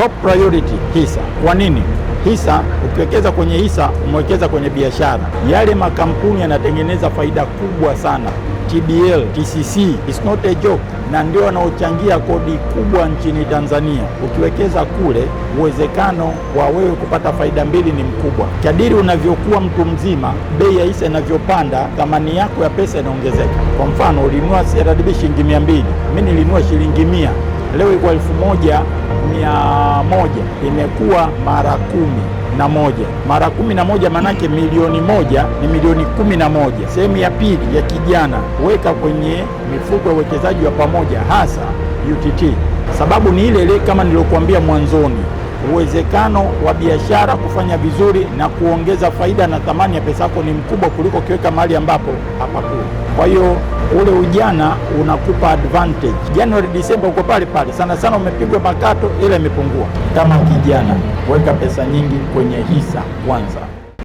top priority hisa. Kwa nini hisa? Ukiwekeza kwenye hisa, umewekeza kwenye biashara. Yale makampuni yanatengeneza faida kubwa sana. TBL, TCC, it's not a joke, na ndio wanaochangia kodi kubwa nchini Tanzania. Ukiwekeza kule, uwezekano wa wewe kupata faida mbili ni mkubwa. Kadiri unavyokuwa mtu mzima, bei ya hisa inavyopanda, thamani yako ya pesa inaongezeka. Kwa mfano, ulinunua CRDB shilingi mia mbili, mimi nilinunua shilingi mia leo iko elfu moja mia moja imekuwa mara kumi na moja mara kumi na moja maanake milioni moja ni milioni kumi na moja. Sehemu ya pili ya kijana, weka kwenye mifuko ya uwekezaji wa pamoja, hasa UTT. Sababu ni ile ile kama niliokuambia mwanzoni uwezekano wa biashara kufanya vizuri na kuongeza faida na thamani ya pesa yako ni mkubwa kuliko kiweka mahali ambapo hapakui. Kwa hiyo ule ujana unakupa advantage. january Disemba uko pale pale, sana sana umepigwa makato, ila imepungua. Kama kijana, weka pesa nyingi kwenye hisa kwanza.